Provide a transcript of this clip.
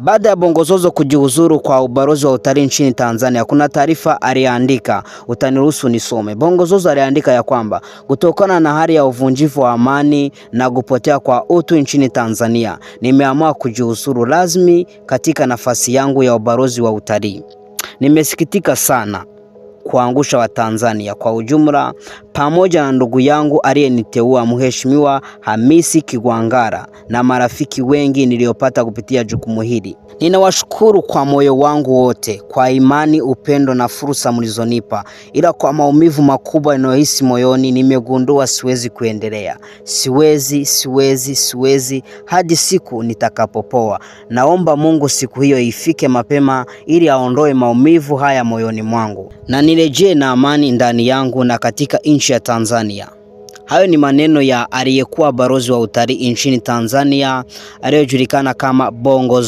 Baada ya Bongozozo kujiuzuru kwa ubalozi wa utalii nchini Tanzania, kuna taarifa aliandika, utaniruhusu nisome. Bongozozo aliandika ya kwamba kutokana na hali ya uvunjifu wa amani na kupotea kwa utu nchini Tanzania, nimeamua kujiuzuru rasmi katika nafasi yangu ya ubalozi wa utalii. Nimesikitika sana kuangusha Watanzania kwa ujumla pamoja na ndugu yangu aliyeniteua Mheshimiwa Hamisi kigwangara na marafiki wengi niliyopata kupitia jukumu hili. Ninawashukuru kwa moyo wangu wote kwa imani, upendo na fursa mlizonipa, ila kwa maumivu makubwa ninayohisi moyoni, nimegundua siwezi kuendelea. Siwezi, siwezi, siwezi hadi siku nitakapopoa. Naomba Mungu siku hiyo ifike mapema ili aondoe maumivu haya moyoni mwangu na nirejee na amani ndani yangu na katika nchi nchi ya Tanzania. Hayo ni maneno ya aliyekuwa balozi wa utalii nchini Tanzania aliyojulikana kama Bongo